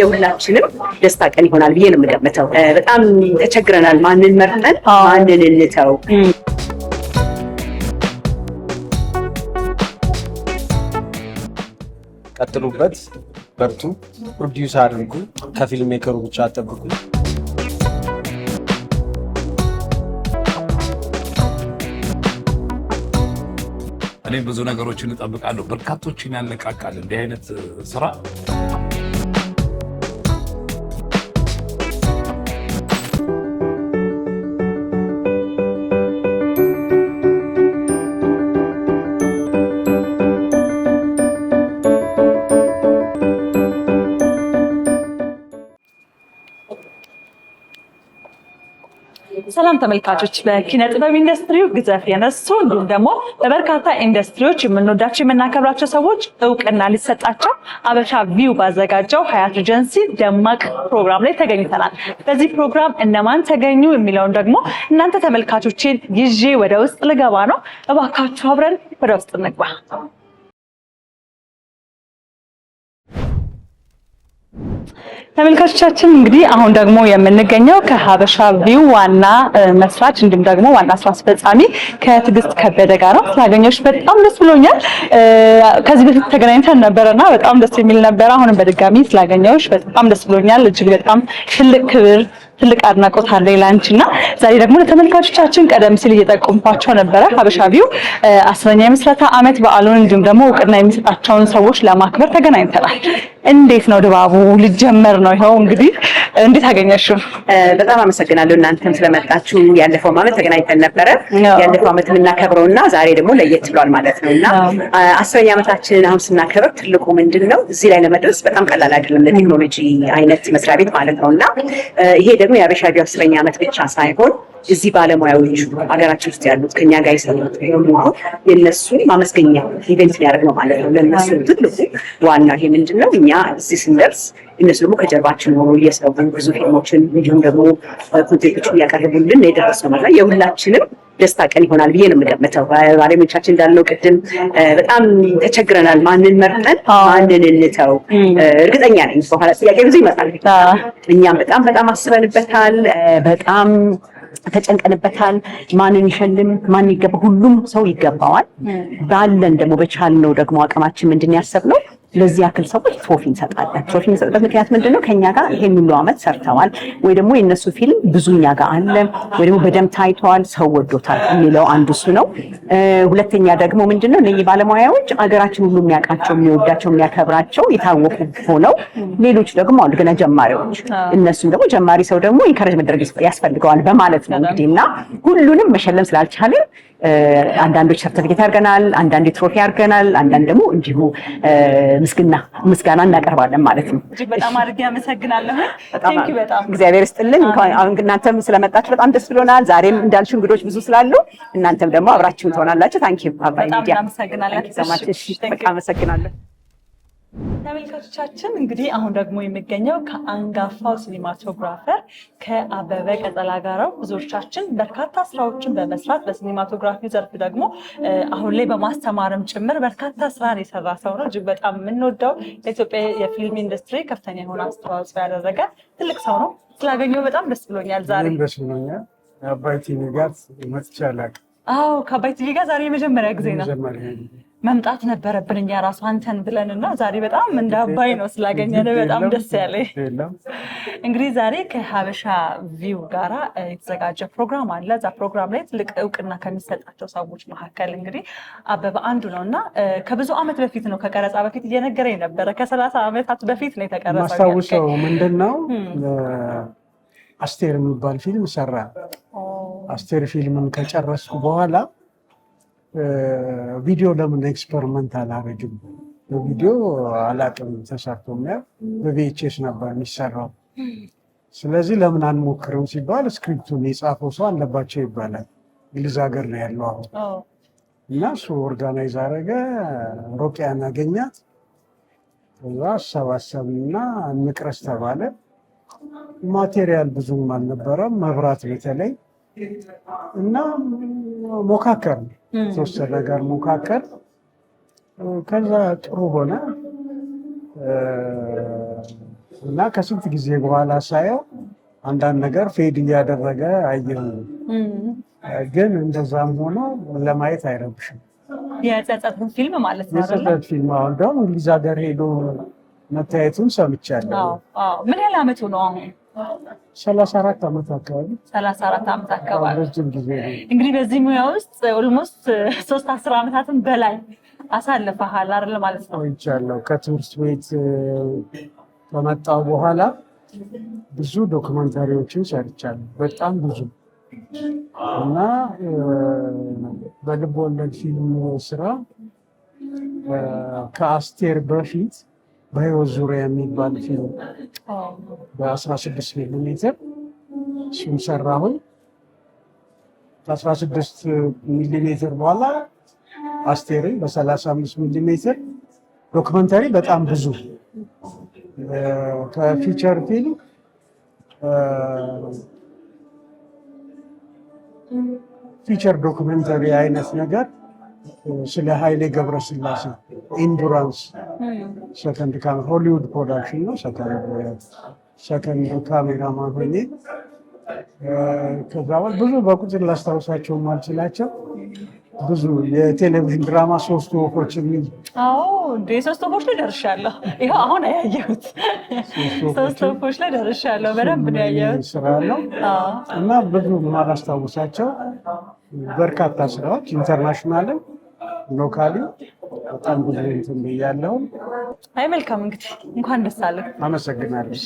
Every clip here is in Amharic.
የሁላችንም ደስታ ቀን ይሆናል ብዬ ነው የምገምተው። በጣም ተቸግረናል። ማንን መርጠን ማንን እንተው? ቀጥሉበት፣ በርቱ፣ ፕሮዲውስ አድርጉ። ከፊልም ሜከሩ ብቻ አጠብቁ። እኔም ብዙ ነገሮችን እጠብቃለሁ። በርካቶችን ያነቃቃል እንዲህ አይነት ስራ ሰላም ተመልካቾች፣ በኪነ ጥበብ ኢንዱስትሪው ግዘፍ የነሱ እንዲሁም ደግሞ በበርካታ ኢንዱስትሪዎች የምንወዳቸው የምናከብራቸው ሰዎች እውቅና ሊሰጣቸው አበሻ ቪው ባዘጋጀው ሀያት ኤጀንሲ ደማቅ ፕሮግራም ላይ ተገኝተናል። በዚህ ፕሮግራም እነማን ተገኙ የሚለውን ደግሞ እናንተ ተመልካቾችን ይዤ ወደ ውስጥ ልገባ ነው። እባካችሁ አብረን ወደ ውስጥ እንግባ። ተመልካቾቻችን እንግዲህ አሁን ደግሞ የምንገኘው ከሀበሻ ቪው ዋና መስራች እንዲሁም ደግሞ ዋና ስራ አስፈጻሚ ከትግስት ከበደ ጋር ነው። ስላገኘሁሽ በጣም ደስ ብሎኛል። ከዚህ በፊት ተገናኝተን ነበረና በጣም ደስ የሚል ነበረ። አሁንም በድጋሚ ስላገኘሁሽ በጣም ደስ ብሎኛል። እጅግ በጣም ትልቅ ክብር ትልቅ አድናቆት አለኝ ላንቺ እና ዛሬ ደግሞ ለተመልካቾቻችን ቀደም ሲል እየጠቆምኳቸው ነበረ ሀበሻ ቪው አስረኛ የምስረታ አመት በዓሉን እንዲሁም ደግሞ እውቅና የሚሰጣቸውን ሰዎች ለማክበር ተገናኝተናል። እንዴት ነው ድባቡ? ልጀመር ነው ይኸው እንግዲህ እንዴት አገኘሽው? በጣም አመሰግናለሁ እናንተም ስለመጣችሁ። ያለፈው ዓመት ተገናኝተን ነበረ ያለፈው ዓመት የምናከብረው እና ዛሬ ደግሞ ለየት ብሏል ማለት ነው እና አስረኛ ዓመታችንን አሁን ስናከብር ትልቁ ምንድን ነው እዚህ ላይ ለመድረስ በጣም ቀላል አይደለም ለቴክኖሎጂ አይነት መስሪያ ቤት ማለት ነው እና ይሄ ደግሞ የአበሻ አስረኛ ዓመት ብቻ ሳይሆን እዚህ ባለሙያዎች ሀገራችን ውስጥ ያሉት ከኛ ጋር የሰሩት የእነሱን ማመስገኛ ኢቨንት ሊያደርግ ነው ማለት ነው። ለእነሱ ትልቁ ዋና ይሄ ምንድን ነው እኛ እዚህ ስንደርስ እነሱ ደግሞ ከጀርባችን ሆኖ እየሰሩ ብዙ ፊልሞችን እንዲሁም ደግሞ ኮንቴንቶችን እያቀረቡልን የደረሰው ማለት የሁላችንም ደስታ ቀን ይሆናል ብዬ ነው የምገምተው። ባለሞቻችን እንዳለው ቅድም በጣም ተቸግረናል። ማንን መርጠን ማንን እንተው? እርግጠኛ ነኝ በኋላ ጥያቄ ብዙ ይመጣል። እኛም በጣም በጣም አስበንበታል። በጣም ተጨንቀንበታል። ማንን ይሸልም፣ ማን ይገባ? ሁሉም ሰው ይገባዋል። ባለን ደግሞ በቻልነው ደግሞ አቅማችን ምንድን ያሰብነው ለዚህ ያክል ሰዎች ትሮፊ እንሰጣለን። ትሮፊ እንሰጥበት ምክንያት ምንድን ነው? ከኛ ጋር ይሄን ሁሉ አመት ሰርተዋል ወይ ደግሞ የእነሱ ፊልም ብዙ እኛ ጋር አለ ወይ ደግሞ በደንብ ታይተዋል፣ ሰው ወዶታል የሚለው አንዱ እሱ ነው። ሁለተኛ ደግሞ ምንድን ነው እነዚህ ባለሙያዎች አገራችን ሁሉ የሚያውቃቸው፣ የሚወዳቸው፣ የሚያከብራቸው የታወቁ ሆነው ሌሎች ደግሞ አሉ ገና ጀማሪዎች። እነሱም ደግሞ ጀማሪ ሰው ደግሞ ኢንከረጅ መደረግ ያስፈልገዋል በማለት ነው እንግዲህ እና ሁሉንም መሸለም ስላልቻለን አንዳንዶች ሰርተፊኬት ያርገናል፣ አንዳንድ ትሮፊ ያርገናል፣ አንዳንድ ደግሞ እንዲሁ ምስግና ምስጋና እናቀርባለን ማለት ነው። እጅግ በጣም አድርጌ አመሰግናለሁ። እግዚአብሔር ይስጥልን። እናንተም ስለመጣችሁ በጣም ደስ ብሎናል። ዛሬም እንዳልሽ እንግዶች ብዙ ስላሉ እናንተም ደግሞ አብራችሁን ትሆናላችሁ። ታንኪ አባይ ሚዲያ አመሰግናለሁ። ተመልካቾቻችን እንግዲህ አሁን ደግሞ የሚገኘው ከአንጋፋው ሲኒማቶግራፈር ከአበበ ቀጠላ ጋራው ብዙዎቻችን በርካታ ስራዎችን በመስራት በሲኒማቶግራፊ ዘርፍ ደግሞ አሁን ላይ በማስተማርም ጭምር በርካታ ስራን የሰራ ሰው ነው። እጅግ በጣም የምንወደው ለኢትዮጵያ የፊልም ኢንዱስትሪ ከፍተኛ የሆነ አስተዋጽኦ ያደረገ ትልቅ ሰው ነው። ስላገኘው በጣም ደስ ብሎኛል። ዛሬ ደስ ብሎኛል። አባይ ቲቪ ጋር መጥቼ አዎ ከአባይ ቲቪ ጋር ዛሬ የመጀመሪያ ጊዜ ነው። መምጣት ነበረብን እኛ ራሱ አንተን ብለን እና ዛሬ በጣም እንደ አባይ ነው ስላገኘን በጣም ደስ ያለ። እንግዲህ ዛሬ ከሀበሻ ቪው ጋራ የተዘጋጀ ፕሮግራም አለ። እዛ ፕሮግራም ላይ ትልቅ እውቅና ከሚሰጣቸው ሰዎች መካከል እንግዲህ አበበ አንዱ ነው እና ከብዙ ዓመት በፊት ነው ከቀረጻ በፊት እየነገረ ነበረ። ከሰላሳ ዓመታት በፊት ነው የተቀረጸው። ማስታውሰው ምንድን ነው አስቴር የሚባል ፊልም ሰራ። አስቴር ፊልምን ከጨረስኩ በኋላ ቪዲዮ ለምን ኤክስፐሪመንት አላረግም? በቪዲዮ አላቅም ተሰርቶ ሚያ በቪኤችኤስ ነበር የሚሰራው። ስለዚህ ለምን አንሞክርም ሲባል ስክሪፕቱን የጻፈው ሰው አለባቸው ይባላል። እንግሊዝ ሀገር ነው ያለው አሁን እና እሱ ኦርጋናይዝ አረገ። ሮቅያን አገኛት። ከዛ አሰባሰብና እንቅረስ ተባለ። ማቴሪያል ብዙም አልነበረም፣ መብራት በተለይ እና ሞካከር ነው ሶስት ጋር ሞካከል ከዛ ጥሩ ሆነ እና ከስንት ጊዜ በኋላ ሳየው አንዳንድ ነገር ፌድ እያደረገ አየሁ። ግን እንደዛም ሆኖ ለማየት አይረብሽም። የጸጸት ፊልም ማለት ነው። የጸጸት ፊልም አሁን ደግሞ እንግሊዝ ሀገር ሄዶ መታየቱን ሰምቻለሁ። ምን ያህል አመቱ ነው አሁን? ሰላሳ አራት ዓመት አካባቢ ሰላሳ አራት ዓመት አካባቢ ረጅም ጊዜ እንግዲህ በዚህ ሙያ ውስጥ ኦልሞስት ሶስት አስር ዓመታትን በላይ አሳልፈሃል አይደል ማለት ነው። ይቻለው ከትምህርት ቤት በመጣው በኋላ ብዙ ዶክመንታሪዎችን ሰርቻለሁ። በጣም ብዙ እና በልብ ወለድ ፊልም ስራ ከአስቴር በፊት በህይወት ዙሪያ የሚባል ፊልም በአስራ ስድስት ሚሊ ሜትር እሱም ሰራሁኝ። ከአስራ ስድስት ሚሊ ሜትር በኋላ አስቴርን በሰላሳ አምስት ሚሊ ሜትር ዶክመንታሪ በጣም ብዙ ከፊቸር ፊልም ፊቸር ዶክመንተሪ አይነት ነገር ስለ ኃይሌ ገብረስላሴ ኢንዱራንስ ሰከንድ ካሜራ ሆሊውድ ፕሮዳክሽን ነው። ሰከንድ ካሜራማን ሆኜ ከዛ ብዙ በቁጥር ላስታውሳቸው ማልችላቸው ብዙ የቴሌቪዥን ድራማ ሶስት ወፎች የሚል ሶስት ወፎች ላይ ደርሻለሁ። ይኸው አሁን ያየሁት ሶስት ወፎች ላይ ደርሻለሁ። በደንብ ነው ያየሁት ስራ ነው እና ብዙ ማላስታውሳቸው በርካታ ስራዎች ኢንተርናሽናልም ሎካሊ በጣም ብዙ እንትን ብያለሁ። አይ መልካም እንግዲህ እንኳን ደስ አለን። አመሰግናለሁ።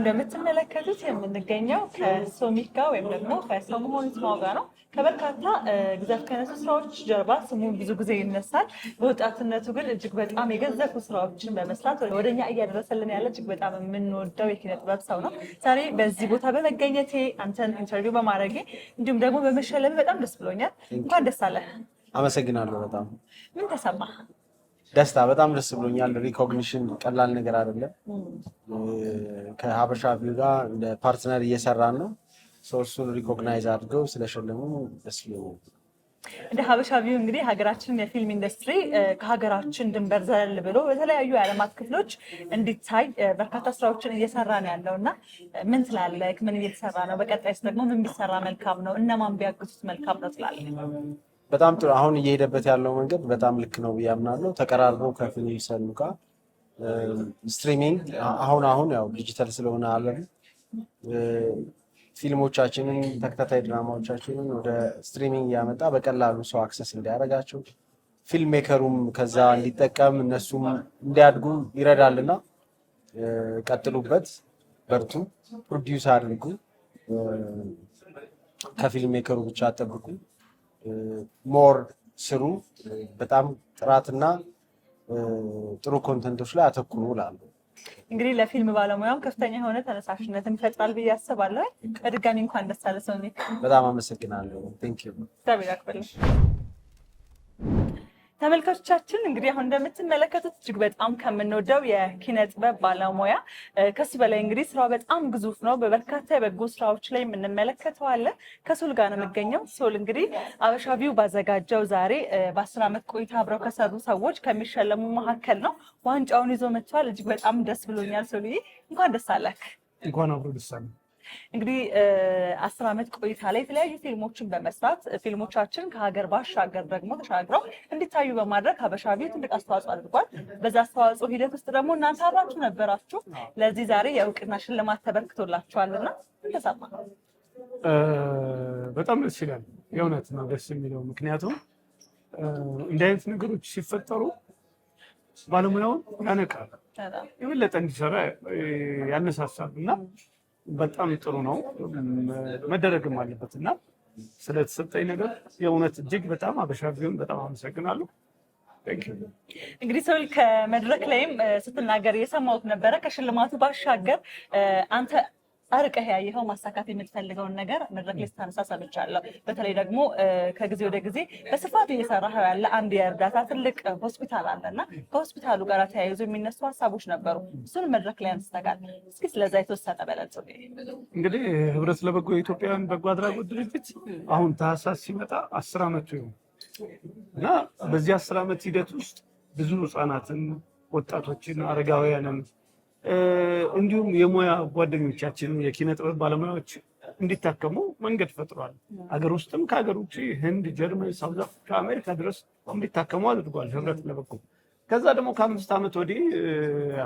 እንደምትመለከቱት የምንገኘው ከሶሚካ ወይም ደግሞ ከሰሞሆን ይስማው ነው። ከበርካታ ግዘፍ ከነሱ ስራዎች ጀርባ ስሙ ብዙ ጊዜ ይነሳል። በወጣትነቱ ግን እጅግ በጣም የገዘፉ ስራዎችን በመስራት ወደኛ እያደረሰልን ያለ እጅግ በጣም የምንወደው የኪነ ጥበብ ሰው ነው። ዛሬ በዚህ ቦታ በመገኘቴ አንተን ኢንተርቪው በማድረጌ እንዲሁም ደግሞ በመሸለም በጣም ደስ ብሎኛል። እንኳን ደስ አለ። አመሰግናለሁ። በጣም ምን ተሰማ? ደስታ በጣም ደስ ብሎኛል። ሪኮግኒሽን ቀላል ነገር አይደለም። ከሀበሻ ቪው ጋር እንደ ፓርትነር እየሰራን ነው። እሱን ሪኮግናይዝ አድርገው ስለሸለሙ ደስ ብሎኛል። እንደ ሀበሻ ቪው እንግዲህ ሀገራችን የፊልም ኢንዱስትሪ ከሀገራችን ድንበር ዘለል ብሎ በተለያዩ የዓለማት ክፍሎች እንዲታይ በርካታ ስራዎችን እየሰራ ነው ያለው እና ምን ትላለህ? ምን እየተሰራ ነው? በቀጣይስ ደግሞ ምን ቢሰራ መልካም ነው? እነማን ቢያግዙት መልካም ነው ትላለህ? በጣም ጥሩ አሁን እየሄደበት ያለው መንገድ በጣም ልክ ነው ብዬ አምናለሁ። ተቀራርበው ከፊል ሰሉ ጋር ስትሪሚንግ አሁን አሁን ያው ዲጂታል ስለሆነ አለ ፊልሞቻችንን ተከታታይ ድራማዎቻችንን ወደ ስትሪሚንግ ያመጣ በቀላሉ ሰው አክሰስ እንዲያደርጋቸው ፊልም ሜከሩም ከዛ እንዲጠቀም እነሱም እንዲያድጉ ይረዳልና ቀጥሉበት፣ በርቱ፣ ፕሮዲውስ አድርጉ። ከፊልም ሜከሩ ብቻ አጠብቁ። ሞር ስሩ። በጣም ጥራትና ጥሩ ኮንተንቶች ላይ አተኩሩ ላሉ እንግዲህ ለፊልም ባለሙያም ከፍተኛ የሆነ ተነሳሽነትን ይፈጥራል ብዬ አስባለሁ። በድጋሚ እንኳን ደስ አለ ሰው። በጣም አመሰግናለሁ። ቴንክ ዩ ተመልካቾቻችን እንግዲህ አሁን እንደምትመለከቱት እጅግ በጣም ከምንወደው የኪነ ጥበብ ባለሙያ ከሱ በላይ እንግዲህ ስራው በጣም ግዙፍ ነው። በበርካታ የበጎ ስራዎች ላይ የምንመለከተዋለን። ከሶል ጋር ነው የምገኘው። ሶል እንግዲህ ቪው ባዘጋጀው ዛሬ በአስር ዓመት ቆይታ አብረው ከሰሩ ሰዎች ከሚሸለሙ መካከል ነው። ዋንጫውን ይዞ መጥቷል። እጅግ በጣም ደስ ብሎኛል። ሶል እንኳን ደስ አላክ። እንኳን አብሮ ደስ አለ እንግዲህ አስር ዓመት ቆይታ ላይ የተለያዩ ፊልሞችን በመስራት ፊልሞቻችን ከሀገር ባሻገር ደግሞ ተሻግረው እንዲታዩ በማድረግ ሀበሻ ቤት ትልቅ አስተዋጽኦ አድርጓል። በዛ አስተዋጽኦ ሂደት ውስጥ ደግሞ እናንተ አብራችሁ ነበራችሁ። ለዚህ ዛሬ የእውቅና ሽልማት ተበርክቶላችኋልና ተሰማ። በጣም ደስ ይላል። የእውነት ነው ደስ የሚለው ምክንያቱም እንዲህ አይነት ነገሮች ሲፈጠሩ ባለሙያውን ያነቃል፣ የበለጠ እንዲሰራ ያነሳሳል እና በጣም ጥሩ ነው፣ መደረግም አለበት እና ስለተሰጠኝ ነገር የእውነት እጅግ በጣም አበሻ ቢሆን በጣም አመሰግናለሁ። እንግዲህ ሰውል ከመድረክ ላይም ስትናገር የሰማሁት ነበረ። ከሽልማቱ ባሻገር አንተ አርቀህ ያየኸው ማሳካት የምትፈልገውን ነገር መድረክ ላይ ስታነሳ ሰምቻለሁ። በተለይ ደግሞ ከጊዜ ወደ ጊዜ በስፋት እየሰራኸው ያለ አንድ የእርዳታ ትልቅ ሆስፒታል አለና ከሆስፒታሉ ጋር ተያይዞ የሚነሱ ሀሳቦች ነበሩ። እሱን መድረክ ላይ አንስተጋል። እስኪ ስለዛ የተወሰነ በለጽ። እንግዲህ ህብረት ለበጎ የኢትዮጵያውያን በጎ አድራጎት ድርጅት አሁን ታህሳስ ሲመጣ አስር አመቱ ይሆን እና በዚህ አስር አመት ሂደት ውስጥ ብዙ ህጻናትን፣ ወጣቶችን፣ አረጋውያንን እንዲሁም የሙያ ጓደኞቻችን የኪነ ጥበብ ባለሙያዎች እንዲታከሙ መንገድ ፈጥሯል። ሀገር ውስጥም ከሀገር ውጭ ህንድ፣ ጀርመን፣ ሳውዝ አፍሪካ፣ አሜሪካ ድረስ እንዲታከሙ አድርጓል ህብረት ለበኩ ከዛ ደግሞ ከአምስት ዓመት ወዲህ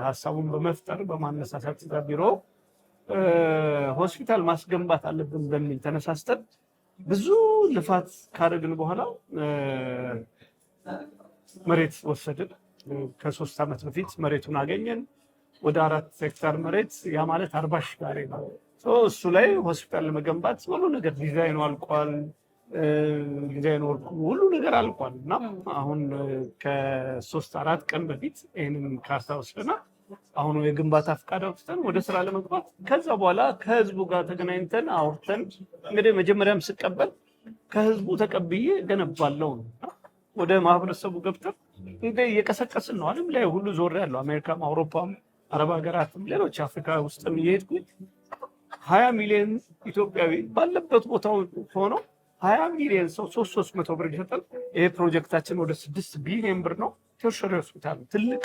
ሀሳቡን በመፍጠር በማነሳሳት ቢሮ ሆስፒታል ማስገንባት አለብን በሚል ተነሳስተን ብዙ ልፋት ካደረግን በኋላ መሬት ወሰድን። ከሶስት ዓመት በፊት መሬቱን አገኘን። ወደ አራት ሄክታር መሬት ያ ማለት አርባ ሺህ ካሬ ነው። እሱ ላይ ሆስፒታል ለመገንባት ሁሉ ነገር ዲዛይኑ አልቋል። ዲዛይን ወርኩ ሁሉ ነገር አልቋል እና አሁን ከሶስት አራት ቀን በፊት ይህንን ካርታ ወስደናል። አሁኑ የግንባታ ፍቃድ አውጥተን ወደ ስራ ለመግባት ከዛ በኋላ ከህዝቡ ጋር ተገናኝተን አውርተን እንግዲህ መጀመሪያም ስቀበል ከህዝቡ ተቀብዬ ገነባለው ነው ወደ ማህበረሰቡ ገብተን እንግዲህ እየቀሰቀስን ነው። አለም ላይ ሁሉ ዞር ያለው አሜሪካም አውሮፓም አረብ ሀገራትም ሌሎች አፍሪካ ውስጥም እየሄድኩኝ ሀያ ሚሊዮን ኢትዮጵያዊ ባለበት ቦታ ሆኖ ሀያ ሚሊዮን ሰው ሶስት ሶስት መቶ ብር ይሰጣል። ይሄ ፕሮጀክታችን ወደ ስድስት ቢሊዮን ብር ነው። ቴርሸሪ ሆስፒታል ትልቅ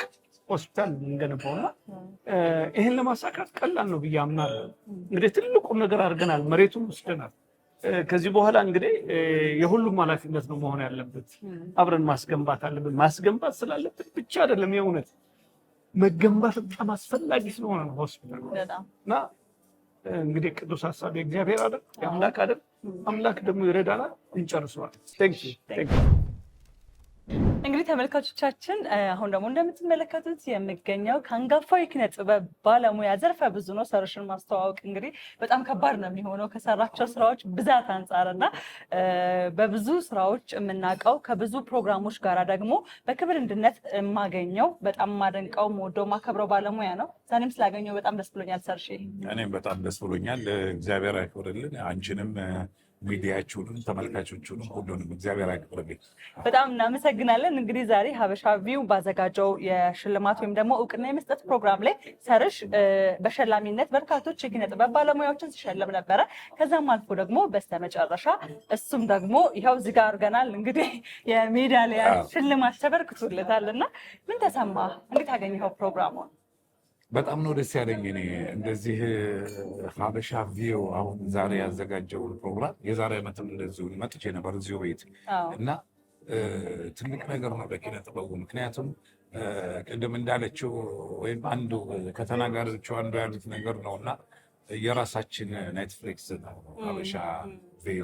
ሆስፒታል እንገነባውና ይህን ለማሳካት ቀላል ነው ብዬ አምናለሁ። እንግዲህ ትልቁም ነገር አድርገናል፣ መሬቱን ወስደናል። ከዚህ በኋላ እንግዲህ የሁሉም ኃላፊነት ነው መሆን ያለበት። አብረን ማስገንባት አለብን። ማስገንባት ስላለብን ብቻ አይደለም የእውነት መገንባት በጣም አስፈላጊ ስለሆነ ነው ሆስፒታል እና እንግዲህ ቅዱስ ሀሳብ የእግዚአብሔር አይደል? የአምላክ አይደል? አምላክ ደግሞ ይረዳናል። እንጨርሰዋል። እንግዲህ ተመልካቾቻችን አሁን ደግሞ እንደምትመለከቱት የሚገኘው ከአንጋፋው የኪነ ጥበብ ባለሙያ ዘርፈ ብዙ ነው። ሰርሽን ማስተዋወቅ እንግዲህ በጣም ከባድ ነው የሚሆነው ከሰራቸው ስራዎች ብዛት አንጻር በብዙ ስራዎች የምናውቀው ከብዙ ፕሮግራሞች ጋር ደግሞ በክብር እንድነት የማገኘው በጣም ማደንቀው የምወደው ማከብረው ባለሙያ ነው። ዛኔም ስላገኘው በጣም ደስ ብሎኛል። ሰርሽ እኔም በጣም ደስ ብሎኛል። እግዚአብሔር አይፈርልን አንቺንም ሚዲያችሁንም ተመልካቾችንም ሁሉንም እግዚአብሔር ያክብርልኝ። በጣም እናመሰግናለን። እንግዲህ ዛሬ ሀበሻ ቪው ባዘጋጀው የሽልማት ወይም ደግሞ እውቅና የመስጠት ፕሮግራም ላይ ሰርሽ በሸላሚነት በርካቶች የኪነ ጥበብ ባለሙያዎችን ሲሸለም ነበረ። ከዛም አልፎ ደግሞ በስተመጨረሻ እሱም ደግሞ ይኸው እዚህ ጋር አድርገናል። እንግዲህ የሜዳሊያ ሽልማት ተበርክቶለታል እና ምን ተሰማ? እንዴት አገኘኸው ፕሮግራሙን? በጣም ነው ደስ ያለኝ። እኔ እንደዚህ ሀበሻ ቪዮ አሁን ዛሬ ያዘጋጀውን ፕሮግራም የዛሬ ዓመትም እንደዚሁ መጥቼ ነበር እዚሁ ቤት እና ትልቅ ነገር ነው ለኪነ ጥበቡ። ምክንያቱም ቅድም እንዳለችው ወይም አንዱ ከተናጋሪዎቹ አንዱ ያሉት ነገር ነው እና የራሳችን ኔትፍሊክስ ነው ሀበሻ ቪዮ።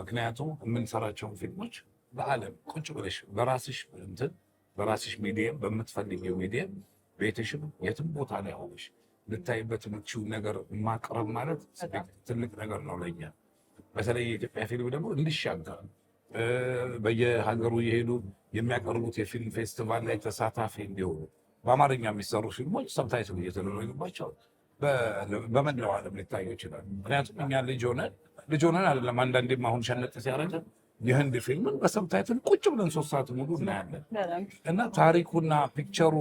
ምክንያቱም የምንሰራቸውን ፊልሞች በዓለም ቁጭ ብለሽ በራስሽ እንትን በራስሽ ሚዲየም በምትፈልጊው ሚዲየም ቤትሽም የትም ቦታ ላይ ሆነሽ ልታይበት ምችው ነገር ማቅረብ ማለት ትልቅ ነገር ነው ለኛ። በተለይ የኢትዮጵያ ፊልም ደግሞ እንዲሻገር በየሀገሩ የሄዱ የሚያቀርቡት የፊልም ፌስቲቫል ላይ ተሳታፊ እንዲሆኑ በአማርኛ የሚሰሩ ፊልሞች ሰብታይትል እየተደረግባቸው በመላው ዓለም ሊታዩ ይችላል። ምክንያቱም እኛ ልጅ ሆነን ልጅ ሆነን አይደለም አንዳንዴም አሁን ሸነጥ ሲያረገን የህንድ ፊልምን በሰብታይትል ቁጭ ብለን ሶስት ሰዓት ሙሉ እናያለን እና ታሪኩና ፒክቸሩ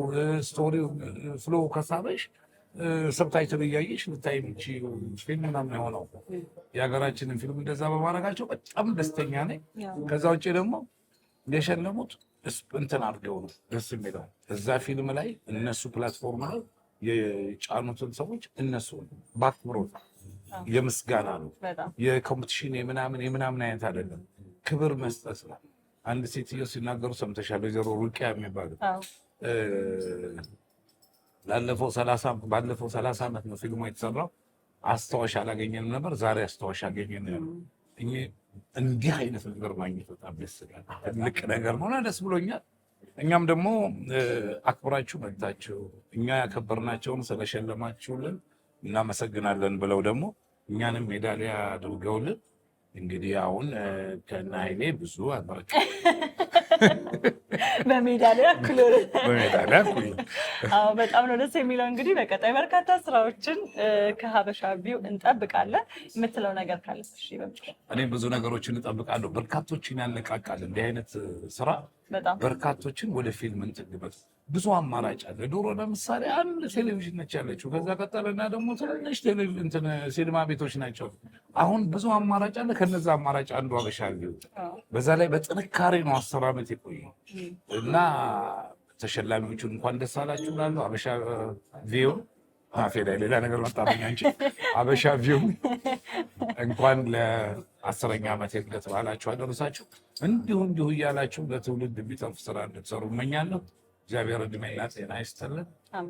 ስቶሪው ፍሎ ከሳበሽ ሰብታይትል እያየሽ ልታይ ምቺ ፊልም ምናምን የሆነው የሀገራችንን ፊልም እንደዛ በማድረጋቸው በጣም ደስተኛ ነኝ። ከዛ ውጭ ደግሞ የሸለሙት እንትን አድርገው ነው ደስ የሚለው እዛ ፊልም ላይ እነሱ ፕላትፎርም ላይ የጫኑትን ሰዎች እነሱ በአክብሮት የምስጋና ነው የኮምፒቲሽን የምናምን የምናምን አይነት አይደለም። ክብር መስጠት ነው። አንድ ሴትዮ ሲናገሩ ሰምተሻል? ወይዘሮ ሩቅያ የሚባሉ ላለፈው ባለፈው ሰላሳ ዓመት ነው ፊልሙ የተሰራው። አስታዋሽ አላገኘንም ነበር፣ ዛሬ አስታዋሽ አገኘን። እኔ እንዲህ አይነት ነገር ማግኘት በጣም ደስ ይላል። ትልቅ ነገር ነውና ደስ ብሎኛል። እኛም ደግሞ አክብራችሁ መጥታችሁ እኛ ያከበርናቸውን ስለሸለማችሁልን እናመሰግናለን ብለው ደግሞ እኛንም ሜዳሊያ አድርገውልን እንግዲህ አሁን ከእነ ኃይሌ ብዙ አመረች በሜዳሊያ እኩል በሜዳሊያ እኩል። አዎ በጣም ነው ደስ የሚለው። እንግዲህ በቀጣይ በርካታ ስራዎችን ከሀበሻ ቢው እንጠብቃለን። የምትለው ነገር ካለ እኔ ብዙ ነገሮችን እንጠብቃለሁ። በርካቶችን ያነቃቃል እንዲህ አይነት ስራ በርካቶችን ወደ ፊልም እንጥግበት ብዙ አማራጭ አለ። ዶሮ ለምሳሌ አንድ ቴሌቪዥን ነች ያለችው። ከዛ ቀጠለና ደግሞ ትንሽ ሲኒማ ቤቶች ናቸው። አሁን ብዙ አማራጭ አለ። ከነዛ አማራጭ አንዱ አበሻ በዛ ላይ በጥንካሬ ነው አስር ዓመት የቆየው እና ተሸላሚዎቹን እንኳን ደስ አላችሁ እላለሁ። አበሻ ቪዮ አፌ ላይ ሌላ ነገር መጣብኝ እንጂ አበሻ ቪዮ እንኳን ለአስረኛ ዓመት የልደት በዓላችሁ አደረሳችሁ። እንዲሁ እንዲሁ እያላችሁ ለትውልድ የሚጠፍ ስራ እንድትሰሩ እመኛለሁ። እግዚአብሔር እድሜና ጤና ይስጥልን፣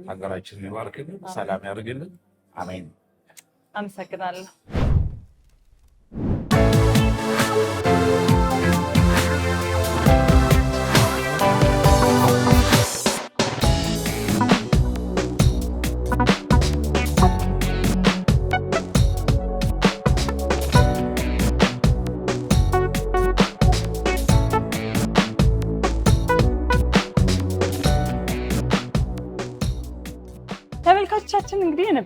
ሀገራችን ይባርክልን፣ ሰላም ያደርግልን አሜን። አመሰግናለሁ።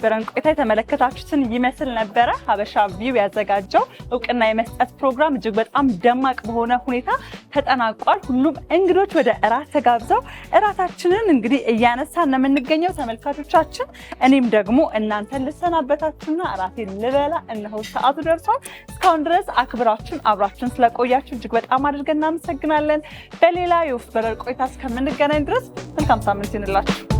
የነበረን ቆይታ የተመለከታችሁትን ይመስል ነበረ። ሀበሻ ቪው ያዘጋጀው እውቅና የመስጠት ፕሮግራም እጅግ በጣም ደማቅ በሆነ ሁኔታ ተጠናቋል። ሁሉም እንግዶች ወደ እራት ተጋብዘው እራታችንን እንግዲህ እያነሳን ነው የምንገኘው። ተመልካቾቻችን፣ እኔም ደግሞ እናንተን ልሰናበታችሁና እራቴን ልበላ እነሆ ሰዓቱ ደርሷል። እስካሁን ድረስ አክብራችን አብራችን ስለቆያችሁ እጅግ በጣም አድርገን እናመሰግናለን። በሌላ የወፍ በረር ቆይታ እስከምንገናኝ ድረስ መልካም ሳምንት ይሁንላችሁ።